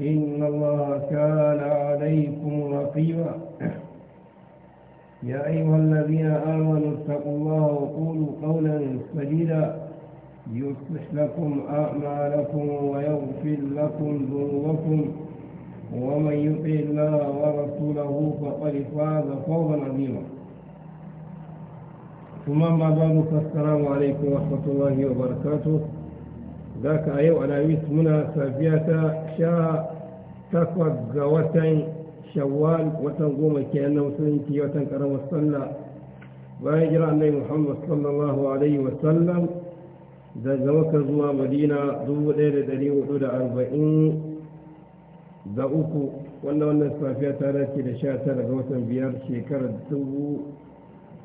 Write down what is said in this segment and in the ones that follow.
إن الله كان عليكم رقيبا يا أيها الذين آمنوا اتقوا الله وقولوا قولا سديدا يصلح لكم أعمالكم ويغفر لكم ذنوبكم ومن يطع الله ورسوله فقد فاز فوزا عظيما ثم ما بعد فالسلام عليكم ورحمة الله وبركاته ذاك أيو أنا ويت منا سافياتا شا تفق زواتين شوال وتنقوم كأن وسنتي وتنكرم وصلى ويجرى أن محمد صلى الله عليه وسلم ذا زوك زوا مدينة ذو ليلة دليل أولى أربعين ذاوكو وانا وانا سافيا تاراتي لشاة تلقوة بيار شيكار الدو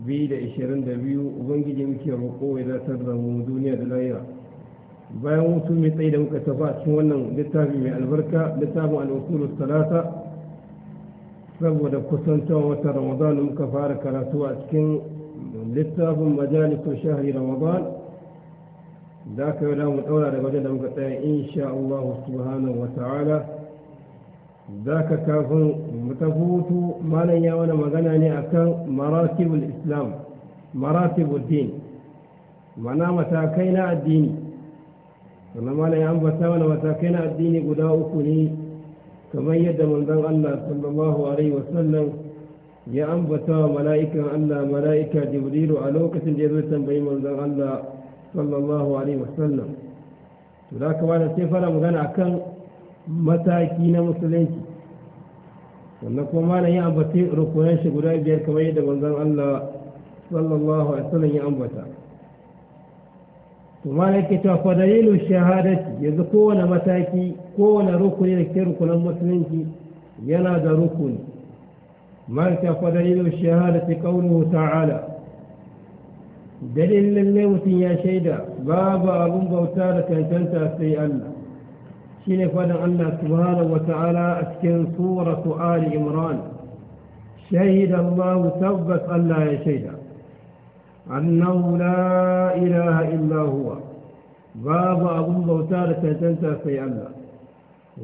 بيد إشيرن دبيو وانجي جميكي رقوه إذا تدرمو دنيا دلائرة bayan wutu mai tsaye da muka a cikin wannan littafi mai albarka littafin al'usulus talata saboda kusantar wata ramadan muka fara karatu a cikin littafin majalisun shahari ramadan da aka yi mu daura da wajen da muka tsaya insha Allah subhanahu wa ta'ala za ka kafin mutafutu malam ya wani magana ne akan maratibul islam maratibul din mana matakai na addini sannan malam ya ambata mana matakai na addini guda uku ne kamar yadda manzon Allah sallallahu alaihi wasallam ya ambata wa mala'ikan Allah mala'ika Jibrilu a lokacin da ya zo tambayi manzon Allah sallallahu alaihi wasallam to da ka bada sai fara magana akan mataki na musulunci sannan kuma malam ya ambata rukunan shi guda biyar kamar yadda manzon Allah sallallahu alaihi wasallam ya ambata malaka ta fa dalilu shahadati yanzu kowane mataki kowane rukuni da ke rukunan musulunci yana da rukuni malaka fa dalilu shahadati qawluhu ta'ala dalilin ne mutum ya shaida babu abun bauta da cancanta sai Allah shi ne faɗin Allah subhanahu wa ta'ala a cikin suratu Ali Imran shahidan Allah tabbas Allah ya shaida أنه لا إله إلا هو باب أبو بوتار تنتنت في الله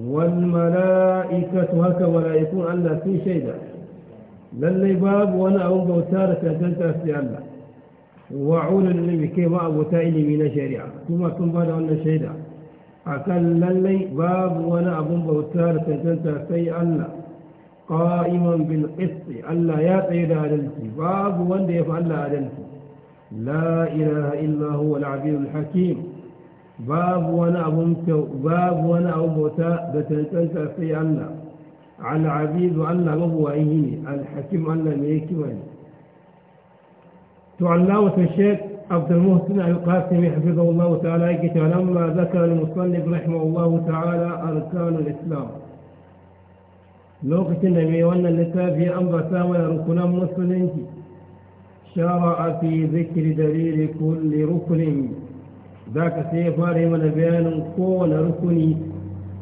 والملائكة هكا ولا يكون ألا في شيء للي باب وأنا أبو بوتار تنتنت في الله وعول النبي كما أبو تائلي من شريعة ثم كن بعد أن شيء أكل للي باب وأنا أبو بوتار تنتنت في الله قائما بالقسط ألا يا قيل أدلتي باب وأن يفعل أدلتي لا إله إلا هو العزيز الحكيم باب وانا أبوك باب وانا أبوتا بتنتنت في عبيد أن الله مبوئه إيه؟ الحكيم الله ميكمان تعلمت الشيخ عبد المحسن القاسمي حفظه الله تعالى لما ذكر المصنف رحمه الله تعالى أركان الإسلام لوقت النبي وانا اللي في أنبا سامنا ركنا مسلمين شرع في ذكر دليل كل ركن ذاك سيف من بيان كل ركن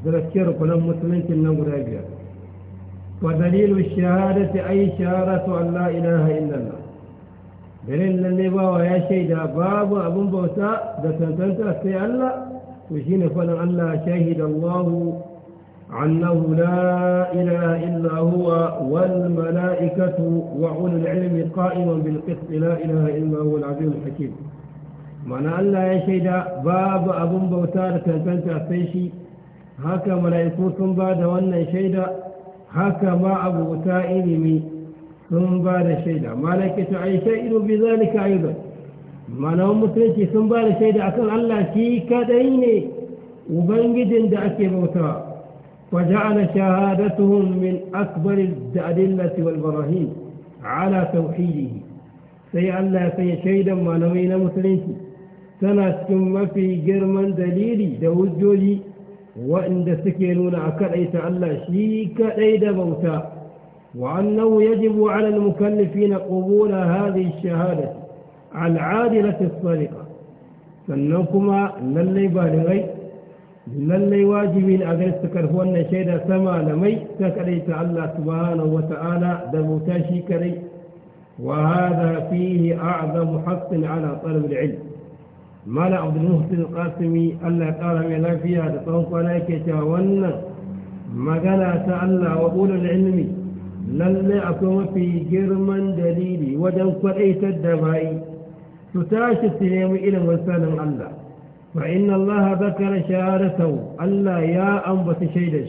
ذكر كل مسلم النغرابية ودليل الشهادة أي شهادة أن لا إله إلا الله دليل اللي ويا يا شيدا باب أبو بوسا ده سنتنت سي الله وشين فلن الله شهد الله عنه لا إله إلا هو والملائكة وأولو العلم قائما بالقسط لا إله إلا هو العزيز الحكيم معنى أن لا يشهد باب أبن بوتار تنتنت أفيشي هكا ملائكو ثم بعد وأن شهد هكا ما أبو تائلمي ثم بعد شهد ملائكة أي شيء بذلك أيضا معنى مسلمتي ثم بعد شهد أكل الله كي كدين وبنجد عندك بوتار وجعل شهادتهم من أكبر الأدلة والبراهين على توحيده سيألا في شيدا ما نوين مسلمك سنة في جرما دليلي دوز جولي وإن دستكينون أكل أي تألا شيك أيد موتا وأنه يجب على المكلفين قبول هذه الشهادة العادلة الصادقة فنوكما لن بالغيث lallai wajibi ne a gare su karfi wannan shaida ta malamai ta ta Allah subhanahu wa ta'ala da bauta shi kadai wa hada fihi a'zamu haqqin ala talab al-ilm mala abdul muhsin al-qasimi Allah ya kara mai lafiya da tsawon kwana yake cewa wannan magana ta Allah wa ulul ilmi lallai akwai mafi girman dalili wajen kwadaitar da bayi su tashi su nemi ilimin sanin Allah فإن الله ذكر شهادته ألا يا أنبت شيدا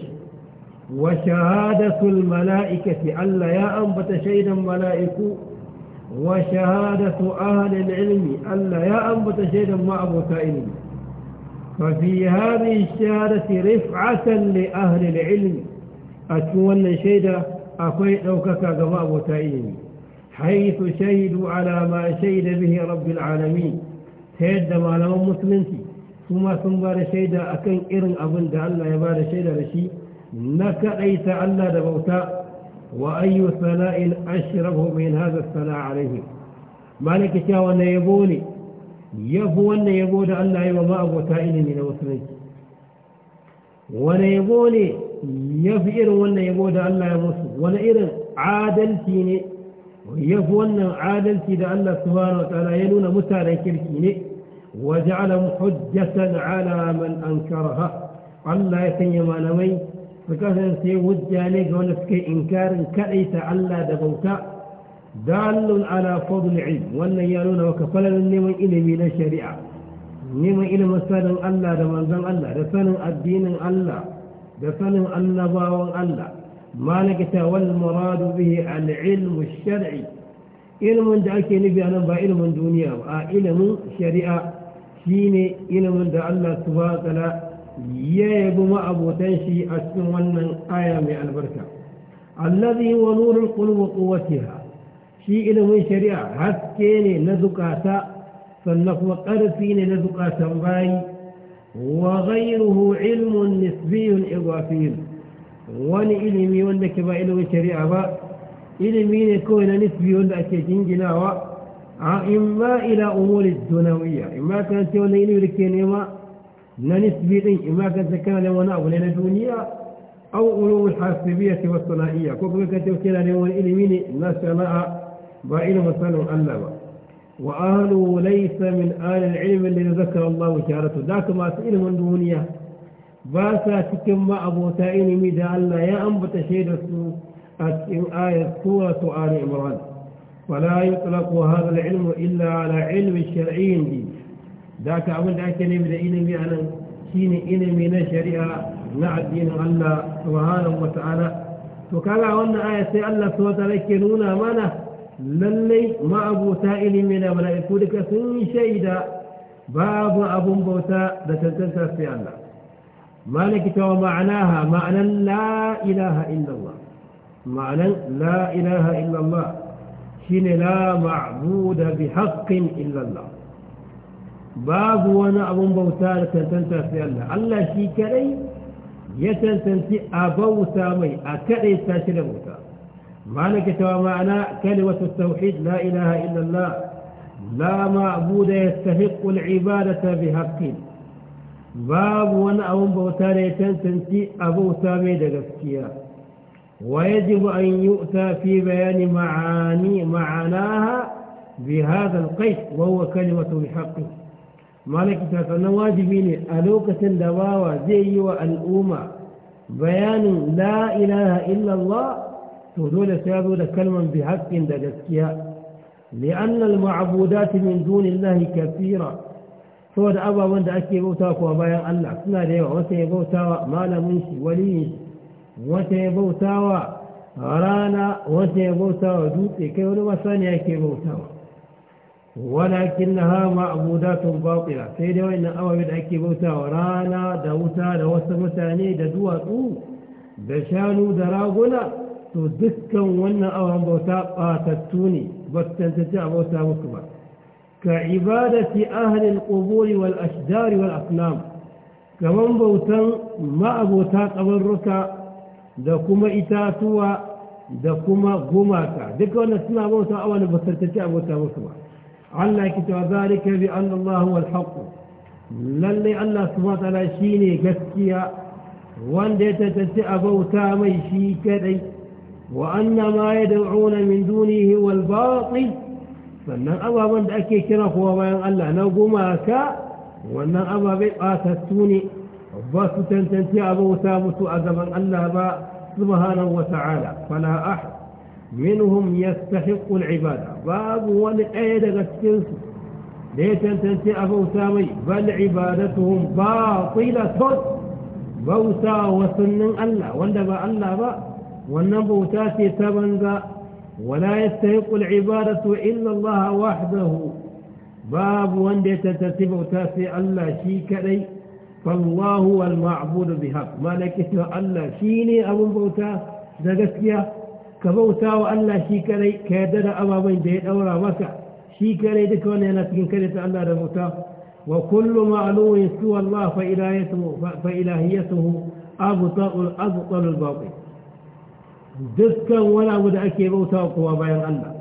وشهادة الملائكة ألا يا أنبت شيدا ملائك وشهادة أهل العلم ألا يا أنبت شيدا ما أبوك ففي هذه الشهادة رفعة لأهل العلم أتولى شيدا أقوي أوكك كما أبوك علم حيث شهدوا على ما شهد به رب العالمين ta ما لهم مسلمين kuma sun ba da shaida a kan irin abin da Allah ya ba da shaida da shi na kaɗaita Allah da bauta wa ayyu sana'in ashrafu min hadha sana'a alaihi malaka cewa wannan yabo ne yabo wannan yabo da Allah ya ba abota ilimi na musulunci wani yabo ne ya fi irin wannan yabo da Allah ya musu wani irin adalci ne ya fi wannan adalci da Allah subhanahu wa ta'ala ya nuna mutanen kirki ne وجعله حجة على من أنكرها الله يتنيما نمي فكثن سي لك ونسك إنكار كأيت ألا دبوتا دال على فضل علم وأن يالون وكفل نمي إلي من الشريعة نمي إلي مسالن ألا زم ألا رسال الدين ألا رسال النباو ألا ما لكت والمراد به العلم الشرعي ilimin da نبي nufi a دنيا ba ilimin duniya shine ilimin da Allah subhanahu ta'ala ya yabi ma'abotan shi a cikin wannan aya mai albarka allazi wa nurul qulub quwwatiha shi ilimin shari'a haske ne na zukata sannan kuma ƙarfi ne na zukatan bayi wa ghayruhu ilmun nisbiyyun idafiyun wani ilimi wanda ke ba ilimin shari'a ba ilimi ne kawai na nisbi wanda ake jinginawa آه، إما إلى أمور الدنوية إما كانت يولين يركين إما ننسبين إما كانت كان لونا أو دنيا أو علوم الحاسبية والصنائية كوكو كانت يوكينا لون إلمين ماء بائل السلام علما وأهله ليس من آل العلم الذي ذكر الله وشارته ذاك ما سئل من دنيا باسا تكما أبو تائن ميدا ألا يا أنبت شهد السوء آية سورة آل عمران ولا يطلق هذا العلم إلا على علم الشرعين دي ذاك أول ذاك نبدأ إلمي أنا شين من الشريعة مع الدين الله سبحانه وتعالى وكان أولنا آية سيألة سوى تلكنونا أمانة للي ما أبو تائل من أملائكو لك سن شيدا باب أبو بوتاء لتنتنت في الله مالك ومعناها معنى لا إله إلا الله معنى لا إله إلا الله كن لا معبود بحق إلا الله باب وانا أبون بوتار تنتا في الله الله شي كري يتن تنتي أبوتا مي أكري تاتي لبوتا معنى كتوى معنى كلمة التوحيد لا إله إلا الله لا معبود يستحق العبادة بحق باب وانا أبون بوتار تنتي أبوتا مي دغسكيا ويجب أن يؤتى في بيان معاني معناها بهذا القيد وهو كلمة الحق مالك تاسنا واجبين ألوكة دواوى زي والأومة بيان لا إله إلا الله تدول سيادول كلمة بحق دجسكيها لأن المعبودات من دون الله كثيرة saboda أبا وانت ake بوتاك وبيان bayan Allah suna da ما لمنش ya wata ya bautawa rana wata ya bautawa dutse kai wani masani yake bautawa walakin na hama abudatun baƙira sai dai wannan ababe da ake bautawa rana da wuta da wasu mutane da duwatsu da shanu da raguna to dukkan wannan awon bauta ɓatattu ne ba su tantance a bauta musu ba ka ibadati ahalin ƙuburi wal ashdari wal asnam kaman bautan ma'abota ƙabarruka da kuma itatuwa da kuma gumaka duka wanda suna bauta a wani bakartace a bauta musu ba Allah ya ta zalika bi anna allahu huwa al lalle Allah subhanahu wa ta'ala shine gaskiya wanda ya tattace a bauta mai shi kadai wa anna ma yad'una min dunihi wal al-batil sannan ababan da ake kira kowa bayan Allah na gumaka wannan ababai batattu ne باتو تنتنتي أبو ثابت أذبا الله با سبحانه وتعالى فلا أحد منهم يستحق العبادة باب والعيدة قسكنس لي تنتنتي أبو سامي بل عبادتهم باطلة بوسا وسنن الله واندبا الله با والنبو تاتي تبنزا ولا يستحق العبادة إلا الله وحده باب وان دي أبو وتاسي الله شيك فالله هو المعبود بحق ما لك اسم الله شيني أبو بوتا دقسيا كبوتا وألا شيكري كيدر أبا بين دين أورا وكا شيكري دكونا نتكين كريت الله ربوتا وكل معلوم سوى الله فإلهيته, فإلهيته أبطل, أبطل الباطل دسكا ولا بد أكي بوتا وقوى بين الله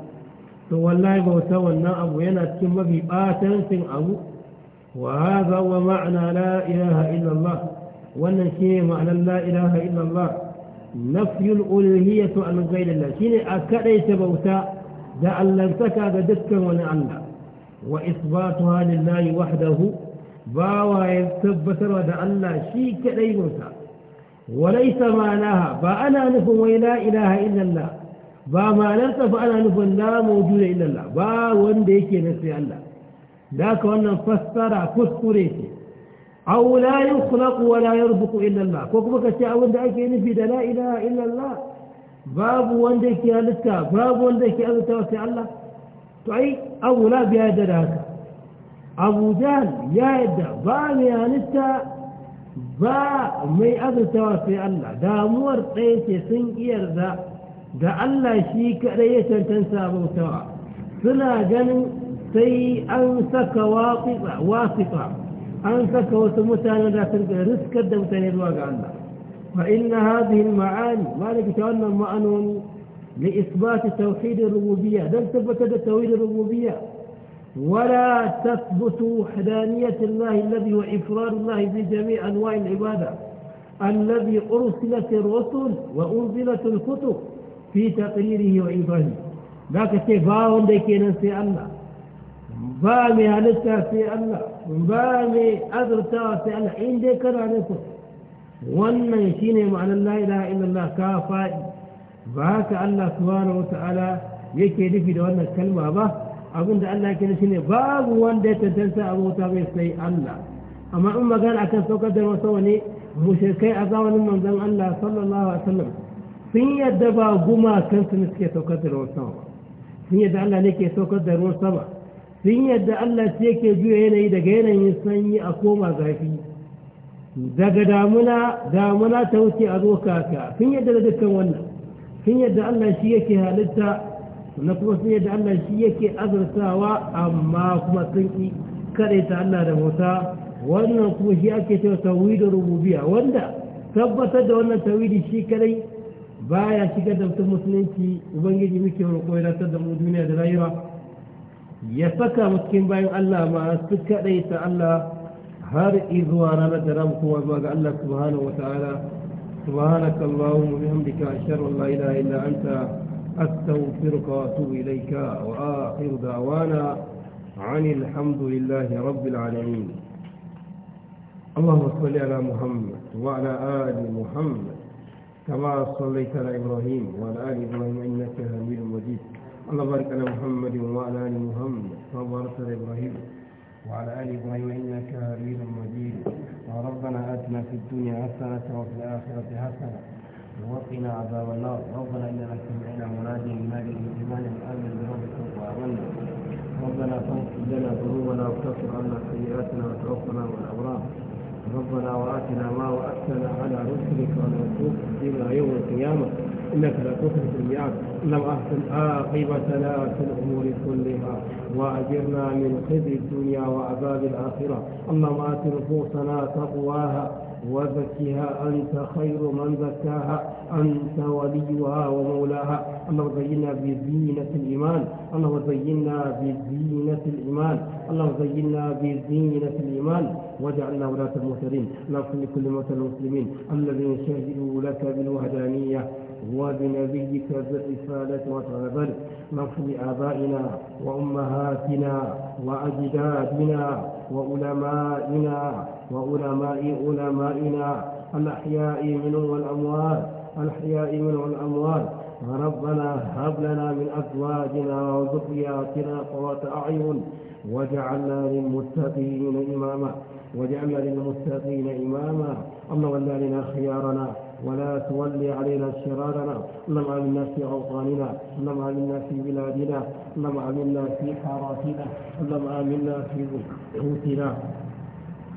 to wallahi بوتا wannan abu yana cikin mafi ɓatancin أبو وهذا هو معنى لا إله إلا الله والنشي معنى لا إله إلا الله نفي الألوهية عن غير الله شيني أكري سبوتا دا أن لم تكاد دكا ولا وإثباتها لله وحده باوا يثبت ودا الله شي كدي بوتا وليس معناها فأنا نفو لا إله إلا الله فما malarta fa نفو لا موجود إلا الله Allah ba wanda الله da haka wannan fassara kuskure ce au la yukhlaqu wa la yarzuqu illa Allah ko kuma kace abin da ake nufi da la ilaha illa Allah babu wanda yake halitta babu wanda yake azuta sai Allah to ai abu la biya da haka abu jan ya yadda ba mai halitta ba mai azurtawa sai Allah damuwar ɗaya ce sun iyarda da Allah shi kaɗai ya cancanta bautawa suna ganin سي أنسك واقفة واقفة أنسك وتمتان لا ترجع رزق الدم تنيروك عنها فإن هذه المعاني مالك تعالنا معنون لإثبات توحيد الربوبية لم تثبت توحيد الربوبية ولا تثبت وحدانية الله الذي وإفراد الله في جميع أنواع العبادة الذي أرسلت الرسل وأنزلت الكتب في تقريره وإيضانه ذاك سيفاهم ديكي ننسي الله بامي على في الله بامي أدرتا في الله إن ذكر عليكم وانا يشيني مع الله لا إله إلا الله كافا باك الله سبحانه وتعالى يكي لفي دوانا الكلمة با أقول ده الله يكي لشيني باب وان دي تتنسى أبو تابي سي الله أما أما قال أكن سوك در وصواني مشركي أقاوان من ذن الله صلى الله عليه وسلم في يد دبا قما كنت نسكي سوك در وصواني في يد الله نكي سوك در وصواني sun yadda Allah su yake juya yanayi daga yanayin sanyi a koma zafi daga damuna damuna ta wuce a zo kaka sun yadda da dukkan wannan sun yadda Allah shi yake halitta na kuma sun yadda Allah shi yake azurtawa amma kuma sun ki ta Allah da bauta wannan kuma shi ake cewa tawhidin rububiyya wanda tabbatar da wannan tawhidi shi kadai baya shigar da mutum musulunci ubangiji muke roƙo ya da mu duniya da rayuwa ya saka muskin bayan Allah ma su kaɗai Allah har izuwa ranar da ran kowa zuwa ga Allah subhanahu wa ta'ala subhanaka Allahumma bihamdika ashhadu an la ilaha illa anta astaghfiruka wa atubu ilayka wa akhiru da'wana عن الحمد لله رب العالمين اللهم صل على محمد وعلى آل محمد كما صليت على إبراهيم وعلى آل إبراهيم إنك حميد مجيد اللهم بارك على محمد وعلى آل محمد وبارك على إبراهيم وعلى آل إبراهيم إنك حميد مجيد ربنا آتنا في الدنيا حسنة وفي الآخرة حسنة وقنا عذاب النار ربنا إننا سمعنا مناديا ينادي الايمان الآمن بربك وآمنا ربنا فاغفر لنا ذنوبنا وكفر عنا سيئاتنا وتوفنا الابرار ربنا وآتنا ما وأتنا على رسلك ولا تخزنا يوم القيامة إنك لا تخلف الميعاد اللهم أحسن عاقبتنا في الأمور كلها وأجرنا من خزي الدنيا وعذاب الآخرة اللهم آت نفوسنا تقواها وزكها أنت خير من زكاها أنت وليها ومولاها اللهم زينا بزينة الإيمان اللهم زينا بزينة الإيمان اللهم زينا بزينة الإيمان واجعلنا ولاة المهتدين اللهم لكل موتى المسلمين الذين شهدوا لك بالوهدانية وبنبيك بالرسالة والرسالة نصر آبائنا وأمهاتنا وأجدادنا وعلمائنا وعلماء علمائنا الأحياء منهم والأموات الأحياء منهم والأموات ربنا هب لنا من أزواجنا وذرياتنا قوة أعين وجعلنا للمتقين إماما وجعلنا للمتقين إماما اللهم لنا خيارنا ولا تولي علينا شرارنا اللهم علمنا في أوطاننا اللهم علمنا في بلادنا اللهم علمنا في حاراتنا اللهم آمنا في بيوتنا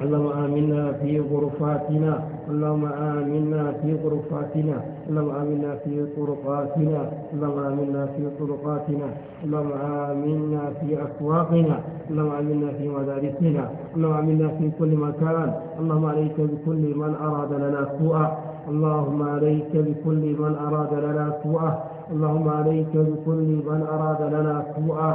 اللهم آمنا في غرفاتنا اللهم آمنا في غرفاتنا اللهم آمنا في طرقاتنا اللهم آمنا في طرقاتنا اللهم آمنا في أسواقنا اللهم آمنا في مدارسنا اللهم آمنا في كل مكان اللهم عليك بكل من أراد لنا سوءا اللهم عليك بكل من أراد لنا سوءا اللهم عليك بكل من أراد لنا سوءا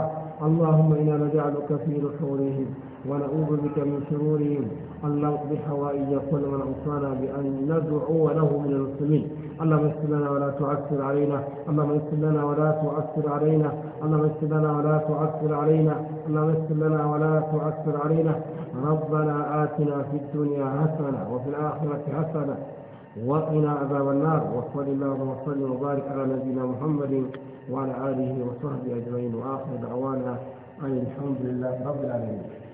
اللهم إنا نجعلك في نحورهم ونعوذ بك من شرورهم أن نقضي حوائج كل من أوصانا بأن ندعو له من المسلمين اللهم اغفر لنا ولا تعسر علينا اللهم اغفر لنا ولا تعسر علينا اللهم اغفر لنا ولا تعسر علينا اللهم اغفر لنا ولا تعسر علينا ربنا آتنا في الدنيا حسنة وفي الآخرة حسنة وقنا عذاب النار وصل اللهم وسلم وبارك على نبينا محمد وعلى اله وصحبه اجمعين واخر دعوانا ان الحمد لله رب العالمين